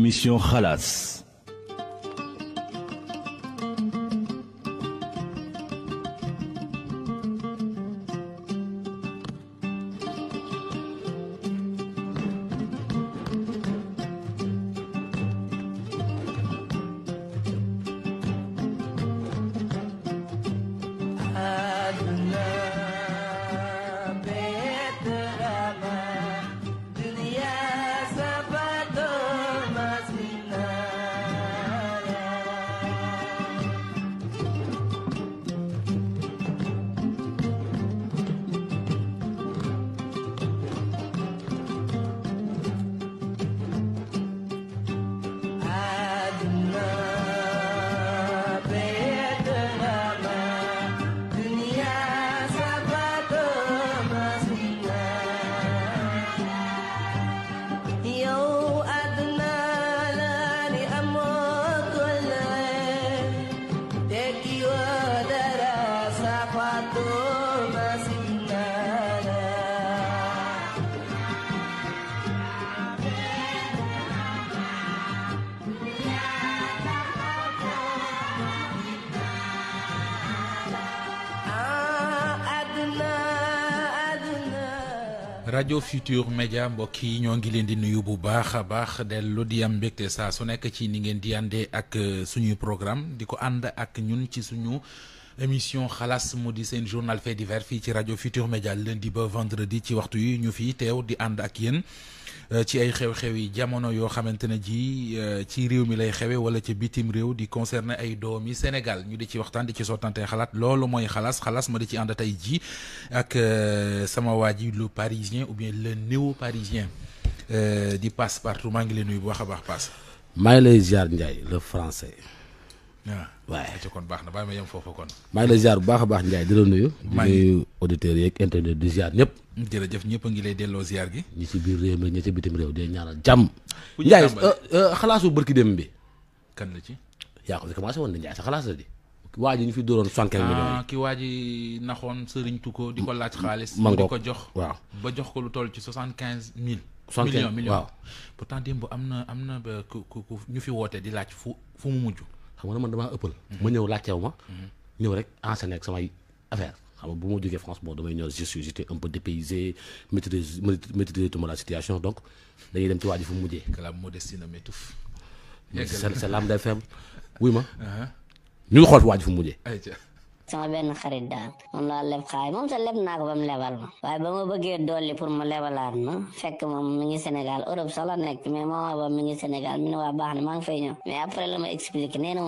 mission Halas. rajo Futur Média mbokk yi ñoo ngi leen di nuyu bu baax a baax dellu di am mbégte saa su nekk ci ni ngeen di àndee ak euh, suñuy programme di ko ànd ak ñun ci suñu. émission Khalas Modi di journal fait divers fi ci radio Futur Média lundi ba vendredi ci waxtu yi ñu fi tew di and ak yéen euh, ci ay xew-xew yi jamono yo xamantene ji euh, ci réew mi lay xewé wala ci bitim réew di concerner ay doomi Sénégal ñu di ci waxtan di ci sottante khalat lolu moy khalas khalas ma di ci and tay ji ak euh, sama waji le parisien ou bien le néo parisien di passe partout maa ngi leen nuyu bu baax passe may lay ziar ndjay le français. waaw kon baax na bàyyi ma yem foofu kon. maa ngi lay ziar bu baax a baax Ndiaye di la nuyu. maa ngi nuyu auditeurs yeeg internet di ziar ñëpp. jërëjëf ñëpp a ngi lay delloo ziar gi. ñi si biir réew mi ñi ci bitim réew di ñaanal jàmm. ku Ndiaye euh, euh, xalaasu ki dem bi. kan la ci. yaa ko commencé woon na Ndiaye sa xalaas la di. waa ñu fi dooroon soixante quinze millions. Ah, ki waa ji naxoon Serigne Touko di ko laaj xaalis. man ko jox waaw. ba jox ko lu toll ci soixante quinze mille. soixante quinze millions waaw. pourtant démb am na am na ku ku ñu fi woote di laaj fu fu mu mujj xam nga man dama ëppal. ma ñëw laajteew ma. ñëw rek ak samay affaire xam nga bu ma France bon damay ñëw je suis j'étais un peu dépaysé maîtrise la situation donc dañuy dem ci waa ji fu mu que la modestie c'est l'âme des femmes. wuy ma. Uh-huh. ñu xool waa ji fu sama benn xarit daal moom laa leb xaalis moom sa leb naa ko ba mu lebal ma waaye ba ma bëggee dolli pour mu lebalaat ma fekk moom mi ngi Sénégal Europe sax la nekk mais moom ba mi ngi Sénégal mi ne waa baax na maa ngi fay ñëw mais après la ma expliqué nee na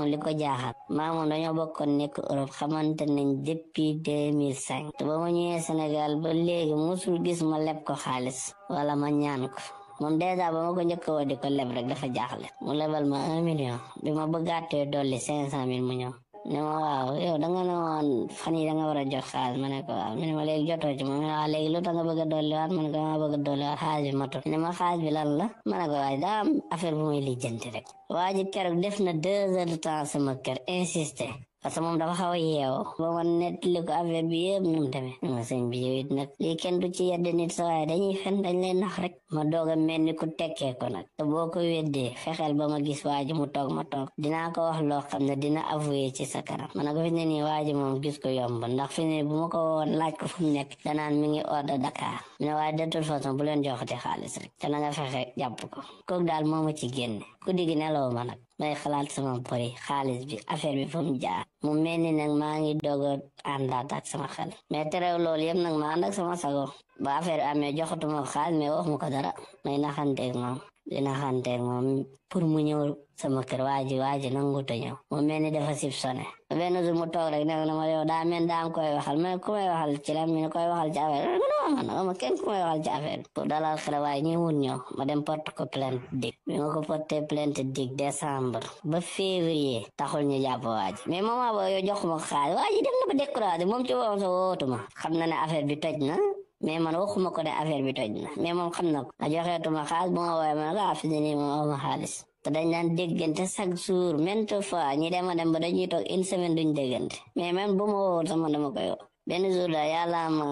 nekk Europe xamante nañ depuis 2005 ba ma ñëwee musul gis ma leb ko xaalis wala ma ñaan ko moom dèjà ba ma ko njëkk woo di ko leb rek dafa jaaxle mu lebal ma un million bi ma bëggaatee dolli cinq cent mille mu ñëw no waaw yow da nga ne woon fan yi da nga war a jox xaalis ma ne ko waaw mu ne ma léegi jotoo ci ma ne waaw léegi lu tax bëgg a dolliwaat ma ne ko ma bëgg a dolliwaat xaalis bi matul ne ma xaalis bi lan ma ne ko waaye daa am bu muy lijjanti rek waa ji keroog def na deux heures de temps sama kër insisté parce que moom dafa xaw a yeewoo ba ma nettali ko bi yëpp nu mu demee ma bi yow it nag lii kenn du ci yedd nit sa waaye dañuy fen dañ lay nax rek ma doog a mel ni ku tekkee ko nag te boo ko weddee fexeel ba ma gis waa ji mu toog ma toog dinaa ko wax loo xam ne dina avoué ci sa kanam ma ne ko fi ne nii waa moom gis ko yomb ndax fi ne bu ma ko woon laaj ko fu mu nekk danaan mi ngi ordre Dakar mu ne waaye de toute façon bu leen joxati xaalis rek te na nga fexe jàpp ko kooku daal moo ma ci génne guddi gi nelaw ma nag may xalaat sama boy xaalis bi affaire bi fu mu jaar mu mel ni nag maa ngi doog a ak sama xel mais terew loolu yëpp nag ma ànd sama sago ba affaire amee joxatuma xaalis mais waxuma ko dara may naxanteeg moom di naxanteeg moom pour mu ñëw sama kër waaji waaji nanguta ñëw mu mel ni dafa sib sone benn jour mu toog rek nekk ma yow daa mel daa am koy waxal ma ku waxal ci la mi koy waxal ci affaire bi man ma kenn ku waxal ci affaire pour dalal xel waaye ñëwul ñëw ma dem porte ko plainte dig bi ma ko porté plainte dig décembre ba février taxul ñu jàpp waaji mais moment boobu yow joxuma xaalis waaji dem na ba découragé moom ne bi toj na mais man waxuma ko ne affaire bi toj na mais moom xam na ko a joxeetuma xaalis bu ma woowee ma ne ko ah, fi nii moom xaalis te dañ daan déggante chaque jour maintes fois ñi dem a dem ba dañuy toog une semaine duñ déggante mais même bu ma woowoon sama dama koy woo benn jour daal yàlla ma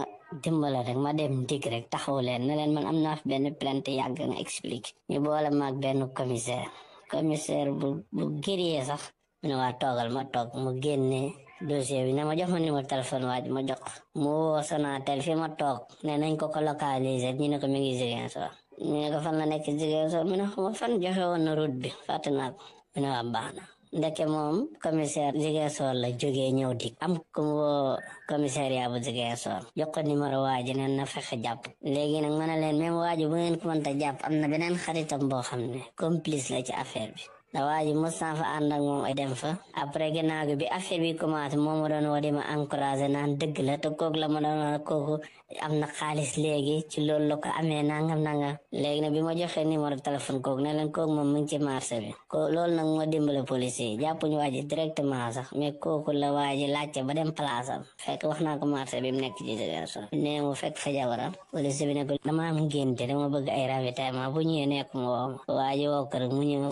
dimbala rek ma dem dig rek taxaw leen na leen ma am naa fi benn plainte yàgg nga expliqué ñu boole maag benn commissaire commissaire bu bu gëree sax mu ne waa toogal ma toog mu génnee dossier bi na ma jox ma numéro téléphone waaj ma jox mu woo Sonatel fi ma toog ne nañ ko ko localiser ñu ne ko mi ngi Ziguinchor ñu ne ko fan la nekk Ziguinchor mu ne xama fan joxe woon na route bi fàtte naa ko mu ne waa baax na ndeke moom commissaire Ziguinchor la jógee ñëw dik am ku mu woo commissariat bu Ziguinchor jox ko numéro waa ji neen na fexe jàpp léegi nag ma ne leen même waa ji bu ngeen ko mënta jàpp am na beneen xaritam boo xam ne complice la ci affaire bi da waa ji mos naa fa ànd ak moom ay dem fa après ginnaaw gi bi affaire bi commencé moom ma doon woo di ma encouragé naan dëgg la te kooku la ma doon wax kooku am na xaalis léegi ci lool la ko amee nangam nangam léegi nag bi ma joxee numéro téléphone kooku ne leen kooku moom mu ngi ci marché bi ko loolu nag moo dimbale police yi jàppuñu waa ji directement sax kooku la waa ji laajte ba dem place fekk wax naa ko marché bi mu nekk ci direction ne mu fekk fa jabaram police bi ne ko dama am bëgg ay ravitaillement bu ñëwee nekk mu woo ma mu ñëw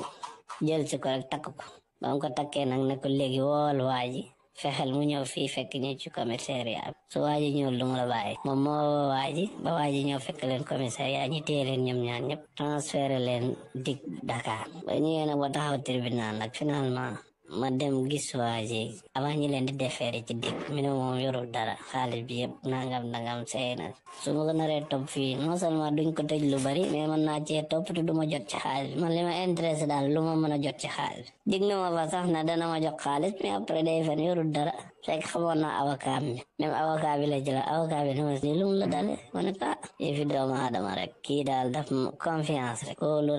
jël si ko rek takk ko ba mu ko takkee nag ne ko léegi wool waa ji fexeel mu ñëw fii fekk ñu ci commissariat bi su waaji ñëwul du mu la moom moo woo waaji ba waaji ñëw fekk leen commissariat ñi téye leen ñoom ñaar ñëpp transféré leen dig Dakar ba ñëwee nag ba taxaw tribunal nag ma dem gis waa ji avant ñi leen di defeere ci dëkk mi ne moom yorul dara xaalis bi yëpp nangam nangam seey na su ma ko naree topp fii non duñ ko tëj lu bari mais man naa cee topp te du ma jot ci xaalis ma li ma intéressé daal lu ma mën jot ci xaalis dig na ma fa sax na dana ma jox xaalis mais après day fen yorul dara fekk xamoon naa avocat bi même avocat bi la jëlal avocat bi ne ma si lu la dale ma ne ah yëfi doomu aadama rek kii daal daf confiance rek loolu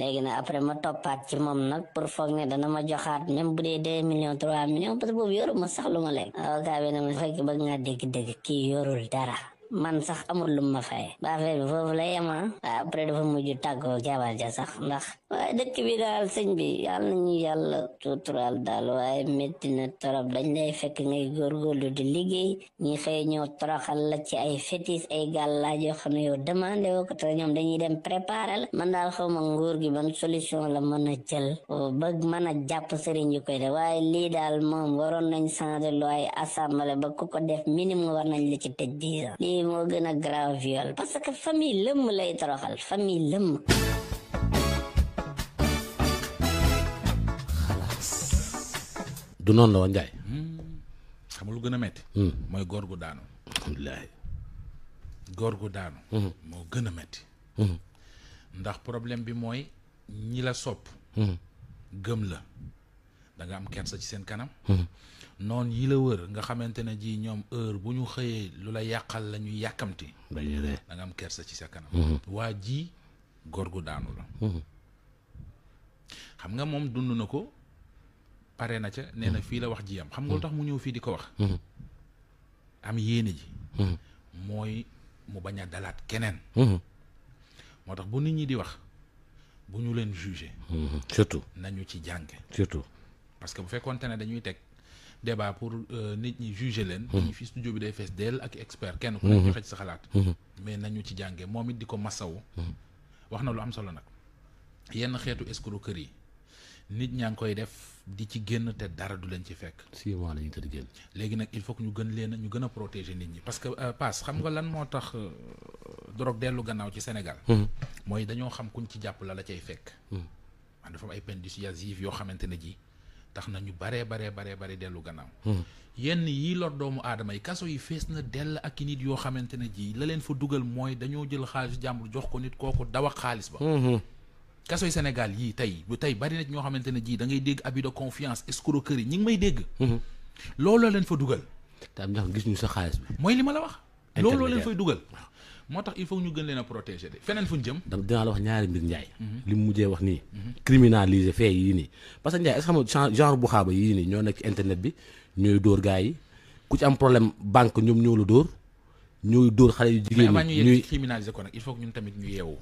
léegi nag après ma toppaat ci moom nag pour foog ne dana ma joxaat même bu dee deux millions trois millions parce que boobu yoru ma sax lu ma lekk. waaw kaa bi ne ma fekk bëgg ngaa dégg-dégg kii yorul dara. man sax amul lu ma fay ba fe fofu foofu la yem ah après dafa mujj taggo jabar ja sax ndax way dekk bi dal señ bi yalla ñu yalla tutural dal way metti na torop dañ lay fekk ngay lu di liggey ñi xey ñoo toroxal la ci ay fetis ay gàllaaj yoo xam ne yow demandé wo ko te ñom dañuy dem préparer man dal xawma ma nguur gi ban solution la mëna jël ba mën a jàpp sëriñ yu koy def way li dal mom waron nañ changer loi assemblée ba ku ko def minimum war nañ la ci tejji moo gën a grave viol parce que famille lëmm lay toroxal famille lëmm. du noonu la woon hmm. xam nga lu gën a metti hmm. mooy góor gu daanu. alhamdulilah. góor gu daanu. Hmm. moo gën a metti ndax problème bi mooy ñi la sopp. gëm la danga nga am kersa ci seen kanam. non yi la wër nga xamante ji ñoom heure bu ñu xëyee lu la yàqal la ñu yàkkamti da nga am kersa ci sa kanam mm-hmm. waa ji daanu la mm-hmm. xam nga mom dund nako pare na ca nee na mm-hmm. la wax ji am xam nga tax mu ñëw fii di ko wax am yéene ji mooy mu bañ dalat dalaat keneen moo bu nit ñi di wax bu leen juger surtout nañu ci jànge surtout parce que bu dañuy débat pour euh, nit ñi juger leen. ñu fi studio bi day fees dell ak expert kenn ku nekk joxe ci sa xalaat. mais nañu ci jàngee moom it di ko masawu. wax na lu am solo nag yenn xeetu kër yi nit ñaa ngi koy def di ci génn te dara du leen ci fekk. si waaw la ñuy génn. léegi nag il faut que ñu gën leen ñu gën a protéger nit ñi parce que euh, paas xam nga lan moo tax euh, drogue dellu gannaaw ci Sénégal. mooy dañoo xam kuñ ci jàpp la la cay fekk. dafa am ay peines dissuasives yoo xamante ne ji. tax na ñu bare bare bare bare delu gannaaw hmm. yenn yi lor doomu adama yi kaso yi fess na del ak nit yo xamantene ji la leen fa dugal moy dañoo jël xaalis jàmbur jox ko nit kooku dawa xaaliss ba hmm, hmm. kaso yi Senegal yi tay bu tay bari nit ño xamantene ji da ngay deg. abi de confiance escroquerie ñi ngi may deg lolo leen fa dugal tam am ñax gis ñu sa xaaliss ba mooy li ma la wax lolo leen fay dugal moo tax il faut ñu gën leen a protéger de feneen fu ñu jëm. dama dinaa la wax ñaari mbir Ndiaye. Mhm. li mu mujjee wax nii. Mhm. criminaliser fee yii nii parce que Ndiaye est-ce que xam nga genre bu xaaba yii nii ñoo nekk ci bi ñooy dóor gars yi ku ci am problème banque ñoom ñoo la dóor ñooy dóor xale yu jigéen ñi ñuy criminaliser ko nag il faut ñun tamit ñu yeewu.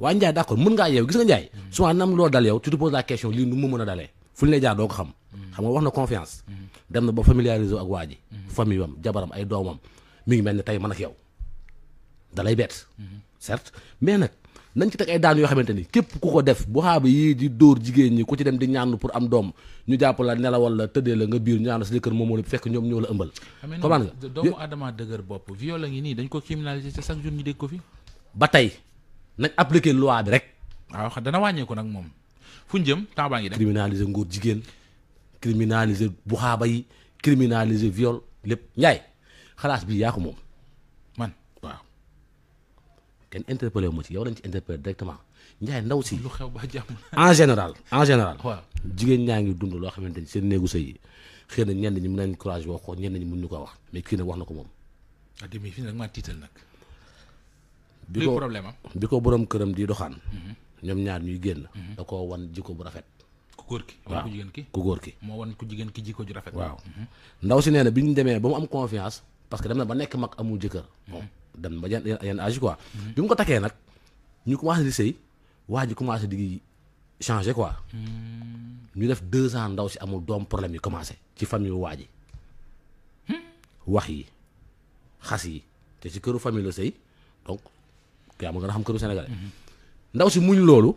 waa Ndiaye d'accord mën ngaa yeewu gis nga Ndiaye. Mhm. souvent nam loo dal yow tu te poses la mën a dalee. fu ñu xam. xam nga wax na confiance. dem na ba familiariser ak waa ji. famille jabaram ay doomam mi ngi mel ni tey man ak yow dalay bett. certes mais nag nañ ci teg ay daan yoo xamante ni képp ku ko def bu xaaba yii di dóor jigéen ñi ku ci dem di ñaanu pour am doom ñu jàpp la nelawal la tëddee la nga biir ñaanu si kër moom moo fekk ñoom ñoo la ëmbal. comment nga doomu aadama dëgër bopp viol la ngi nii dañ ko criminaliser te chaque jour ñu dégg ko fi. ba tey nañ appliquer loi bi rek. waaw xam dana wàññeeku nag moom fu ñu jëm temps ngi dem. criminaliser ngóor jigéen criminaliser bu xaaba yi criminaliser viol lépp Njaay xalaas bi yaa ko kenn interpellé wu ma yow lañ ci interpellé directement Ndiaye ndaw si. lu xew ba jàmm en général. en général waaw jigéen ñaa ngi dund loo xamante ni seen néegu sëy yi xëy na ñenn ñi mën nañ courage wax ko ñenn ñi mën ñu ko wax mais kii ne wax na ko moom. ah demi fii nag maa tiital nag. bi ko problème am bi ko borom këram di doxaan. Mhm. ñoom ñaar ñuy génn. Mhm. da koo wan jikko bu rafet. ku góor ki waaw ku ki ku góor ki. moo wan ku jigéen ki jikko ju rafet. waaw mhm. ndaw si nee na bi ñu demee ba mu am confiance parce que dem na ba nekk mag amul jëkkër moom dem ba yenn yenn âge quoi. bi mu ko takkee nag ñu commencé di sëy waa ji commencé di changer quoi. Hmm. ñu def deux ans ndaw si amul doom problème yi commencé ci famille waa ji hmm. wax yi xas yi te si këru famille la sëy donc yaa ma gën a xam këru sénégalais. Hmm. ndaw si muñ loolu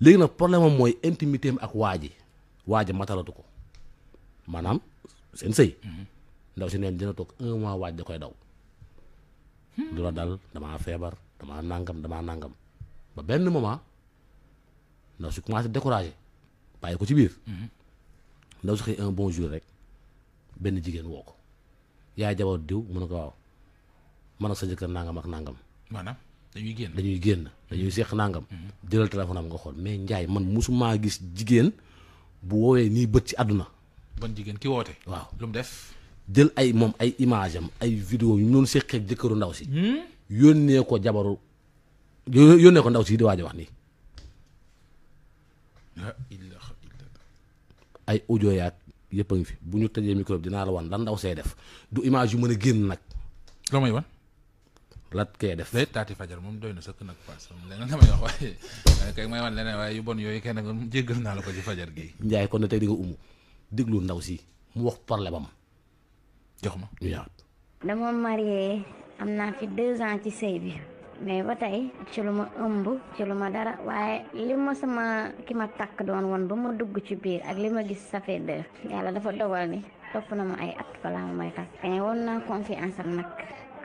léegi nag problème am mooy intimité am ak waa ji waa ji matalatu ko maanaam seen sëy. ndaw si neen dina toog un mois waaj da koy daw. du la dal damaa feebar damaa nàngam damaa nangam ba benn moment ndaw si commencé découragé bàyyi ko ci biir. ndaw si xëy un bon jour rek benn jigéen woo ko yaay jabar diw mu ne ko waaw man ak sa jëkkër nangam ak nangam. maanaam dañuy génn dañuy génn dañuy seq nangam. Mm-hmm. jëlal téléphone am nga xool mais Ndiaye man mosumaa gis jigéen bu woowee nii bët ci àdduna. ban jigéen ki woote. waaw lu mu def. jël ay moom ay image am ay vidéo yu ñu doon seqee jëkkëru ndaw si. Hmm? yónnee ko jabaru yónnee ko ndaw si di waaj a wax nii. ay audio yaag yëpp a ngi bu ñu tëjee micro dinaa la wan lan ndaw see def du image yu mën a génn nag. loo may def day taati moom doy na sëkk nag paas moom leneen damay wax waaye kay may wan leneen waaye yu bon yooyu kenn nag jéggal naa la ko ci fajar gi. Njaay kon ne tey di umu déglu ndaw si mu wax problème am. jox ma dama marié am naa fi deux ans ci sëy bi mais ba tey ci lu ma ëmb ci lu ma dara waaye li ma sama ki ma takk doon woon ba ma dugg ci biir ak li ma gis safee de yàlla dafa dogal ni topp na ma ay at balaa ma may takk mais woon naa confiance nag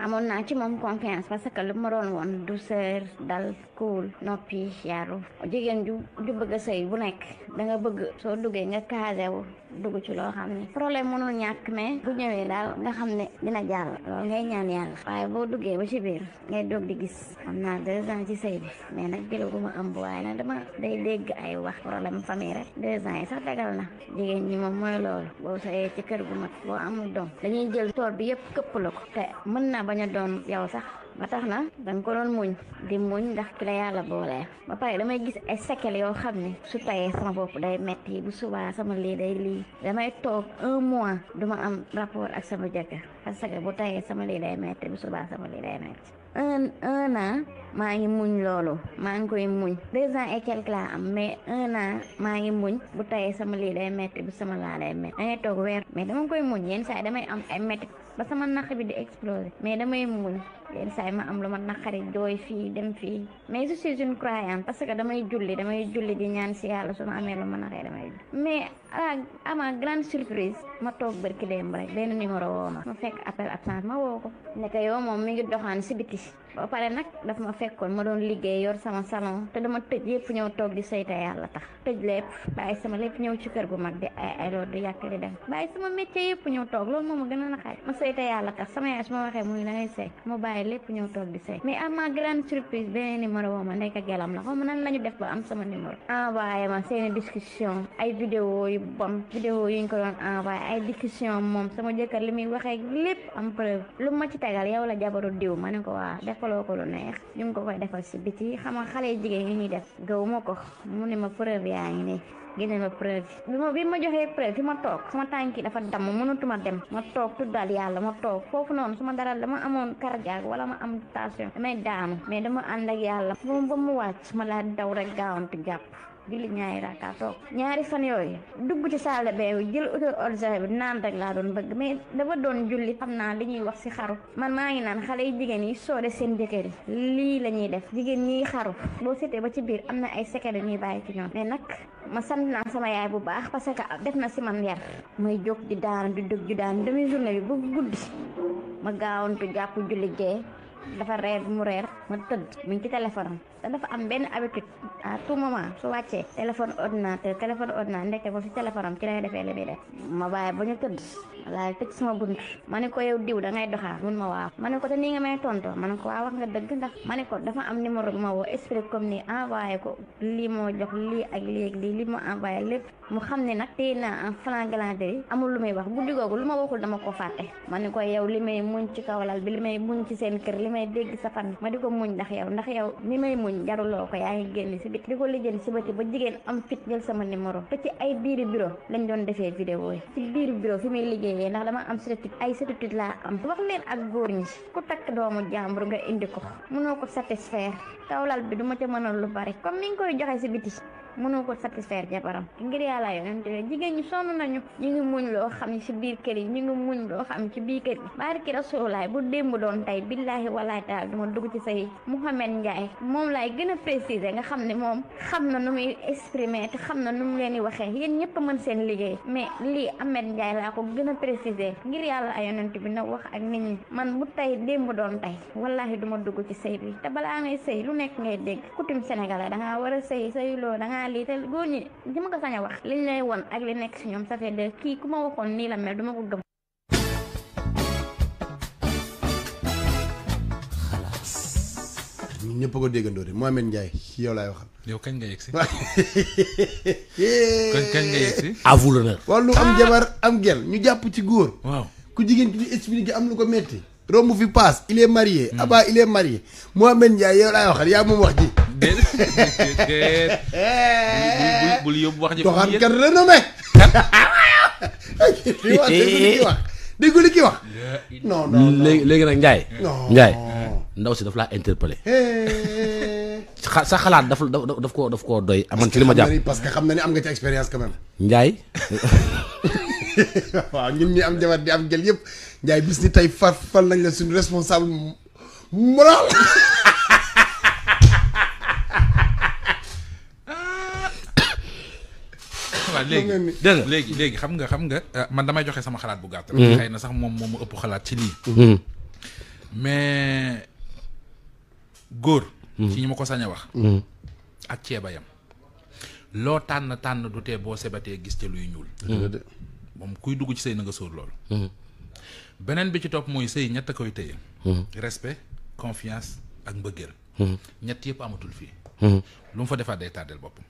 amon na ci mom confiance parce que le ma won woon douceur dal cool nopi yaru jigéen ju du bëgg sey bu nek da nga bëgg so duggee nga kaasewu dugg ci lo xamni problème mënu ñak mais bu ñëwé dal nga xamné dina jaar lool ngay ñaan yalla waaye bo duggee ba ci biir ngay dog di gis amna deux ans ci sëy bi mais nag am bu waaye nag dama day dégg ay wax problème famille rek deux ans sax dagal na jigéen ñi mom moy lool bo sey ci kër bu mat bo amul dom dañuy jël tool bi yépp kepp lako té mëna bañ a doon yow sax ba tax na da nga ko doon muñ di muñ ndax ki la yàlla boole ba pare damay gis ay séquelles yoo xam ni su tayee sama bopp day metti bu subaa sama lii day lii damay toog un mois duma am rapport ak sama jëkkër parce que bu tayee sama lii day metti bu subaa sama lii day metti un un an maa ngi muñ loolu maa ngi koy muñ deux ans et quelque laa am mais un naa maa ngi muñ bu tayee sama lii day metti bu sama laa day metti dangay toog weer mais dama koy muñ yenn saa yi damay am ay metti ba sama naq bi di exploser mais damay muñ yenn saa ma am lu ma naqari jooy fii dem fii mais je suis une croyante parce que damay julli damay julli di ñaan si yàlla su ma amee lu ma naqari damay mais à ma grande surprise ma toog barki démb rek benn numéro woo ma ma fekk appel absent ma woo ko nekk yow moom mi ngi doxaan si biti ba pare nak daf ma fekkon ma don liggey yor sama salon te dama tejj yep ñew tok di seyta yalla tax tejj lepp baye sama lepp ñew ci kër gu mag de ay ay loolu di yàq dem baye sama métier yep ñew tok lool moma gëna na a ma seyta yalla tax sama yaas ma muy da ngay sëy mu bàyyi lépp ñëw toog di sey mais ama ma grande surprise benen numéro woo ma nek gelam la xaw ma nan la def ba am sama numéro baye ma seen discussion ay vidéo yu bam vidéo yu ñu ko ah baye ay discussion mom sama jëkkër limi waxe lepp am preuve lu ma ci tegal yow la jabaru diiw ma ne ko wa def defaloo ko lu neex ñu ngi ko koy defal si biti xam nga xale jigéen yi ñuy def gaw ma ko mu ne ma preuve yaa ngi nii génne ma preuve bi ma bi ma joxee preuve fi ma toog sama tànki dafa damm mënatuma dem ma toog tuddal yàlla ma toog foofu noonu su ma dara dama amoon cardiaque wala ma am tension damay daanu mais dama ànd ak yàlla moom ba mu wàcc ma laa daw rek gaawante jàpp julli ñaari raka toog ñaari fan yoy dugg ci salle be yu jël auto ordinaire bi naan rek la doon bëgg mais dafa doon julli xamna li ñuy wax ci xaru man ma ngi naan xale yi jigéen yi soode seen jëkkër li lañuy def jigen ñi xaru bo sété ba ci biir amna ay secret ñuy bàyyi ci ñoom mais nak ma sant na sama yaay bu baax parce que def na ci man yar may jóg di daan di dëgg ju daan demi journée bi bu guddi ma gaawon gaawantu japp julli gee dafa reer mu reer ma tëdd mu ngi ci téléphone dafa am benn habitude à tout moment su wàccee téléphone ordinateur téléphone ordinateur ndekke ko fi téléphone am ci lay defee li muy def ma bàyyi ba ñu tëdd laay tëj sama bunt ma ne ko yow diw da ngay doxaa mun ma waaw ma ne ko te nii nga may tonto ma ne ko waaw wax nga dëgg ndax ma ne ko dafa am numéro bi ma woo esprit comme ni envoyé ko lii moo jox lii ak lii ak lii li ma envoyé lépp mu xam ne nag téye naa en flagranté amul lu may wax bu googu lu ma waxul dama ko fàtte ma ne ko yow li may muñ ci kawlal bi li may muñ ci seen kër li may dégg sa fan ma di ko muñ ndax yow ndax yow mi may muñ muñ jaruloo ko yaa ngi génn si biti di ko lijjanti si bëti ba jigéen am fit jël sama numéro ba ci ay biiri bureau lañ doon defee vidéo yi ci biiri bureau fi muy liggéeyee ndax dama am certitude ay certitude laa am wax leen ak góor ñi ku takk doomu jàmbur nga indi ko mënoo ko satisfaire tawlal bi du ma ca mënal lu bari comme ni nga koy joxe si biti mënoo ko satisfaire jabaram ngir yàlla yonent bi jigéen ñi sonn nañu ñu ngi muñ xam ci biir kër yi ñu ngi muñ loo xam ne ci biir kër yi barki rasulaay bu démb doon tey billaahi walaahi taala duma dugg ci say Mouhamed Ndiaye moom laay gën a préciser nga xam ne moom xam na nu muy exprimer xam na nu mu leen di waxee yéen ñëpp mën seen liggéey mais lii Ahmed Ndiaye laa ko gën a préciser ngir yàlla ay yonent bi na wax ak nit ñi man bu tey démb doon tey walaahi duma dugg ci sëy bi te balaa ngay sëy lu nekk ngay dégg coutume sénégalais dangaa war a sëy sëyloo dangaa naa lii te ko sañ wax liñ lay won ak li nekk si ñoom ça fait kii ku ma waxoon nii la mel duma ko gëm. ñun ñëpp a ko déggandoo de Mohamed Ndiaye ci yow laay waxal. yow kañ nga yegg si. kañ kañ nga yegg eh. am ah. jabar am gel ñu jàpp ci góor. ku jigéen ki di expliqué am lu ko metti romb fi paas il est marié. Hmm. Abba il est marié Mohamed Ndiaye laay waxal yaa moom wax ji. déedéet déet bul bul yóbbu wax ji. doxaan kat li wax wax dégg non léegi nag njaay Ndiaye ndaw si daf laa interpellé. sa xalaat daf daf koo daf koo doy. amoon ci lima ma parce que xam na ni am nga ci expérience quand même. Ndiaye. waaw ñun ñi am jabar di am gel yëpp Ndiaye bis ni tey far fal nañ la suñu responsable moral. waaw ah, léegi dégg léegi léegi xam nga xam nga euh, man damay joxe sama xalaat bu gàtt rek mm-hmm. xëy na sax moom moom mu ëpp xalaat ci lii mm-hmm. mais góor mm-hmm. ci ñi ma ko sañ a wax ak ceebayam loo tànn tànn du tee boo sebatee gis te luy ñuul moom kuy dugg ci sëy na nga sóor loolu beneen bi ci topp mooy sëy ñett koy tëye respect confiance ak mbëggeel ñett yëpp amatul fii lu mu fa defaat day tàddeel boppam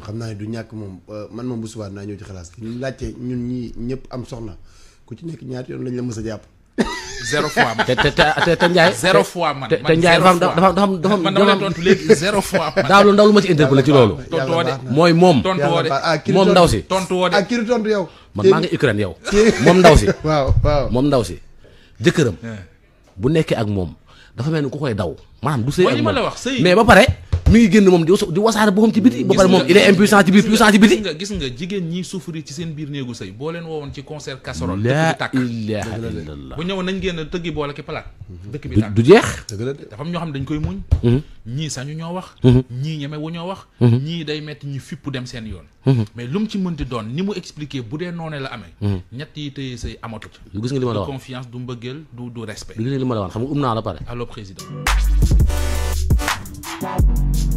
xam naa ne du ñàkk moom man moom bu subaa naa ñëw ci xalaas gi ñun ñun ñii ñëpp am soxna ku ci nekk ñaati yoon lañ la mës a jàpp. zéro fois man te te te te Ndiaye. zéro fois man man zéro fois dafa dafa dafa man dama la ma ci ci loolu. mooy moom. tontu woo ah, moom ndaw si. tontu woo de ak ah, kii tontu man maa ngi Ukraine yow. moom ndaw si. waaw waaw moom ndaw si. jëkkëram. Eh. bu nekkee ak moom dafa mel ni ku koy daw. maanaam du sëy ak moom mais ba pare mi ngi génn moom di di wasaare boppam ci biti ba pare moom il est impuissant ci biir puissant ci biti nga gis nga jigéen ñi souffrir ci seen biir néegu sëy boo leen woowoon ci concert casserole dëkk bi tàkk ilaha illallah bu ñëwoon nañ génn tëggi boole ki palaat dëkk bi tàkk du jeex dafa am ñoo xam dañ koy muñ mm-hmm. ñii sañu ñoo wax mm-hmm. ñii ñeme wu ñoo wax mm-hmm. ñii day metti ñi fippu dem seen yoon mais lu mu ci mënti doon ni mu expliquer bu dee noonee la amee ñett yi tëye sëy amatut gis nga li ma la wax confiance du mbëggeel du du respect gis nga li ma la wax xam nga um naa la pare allo président Thank you.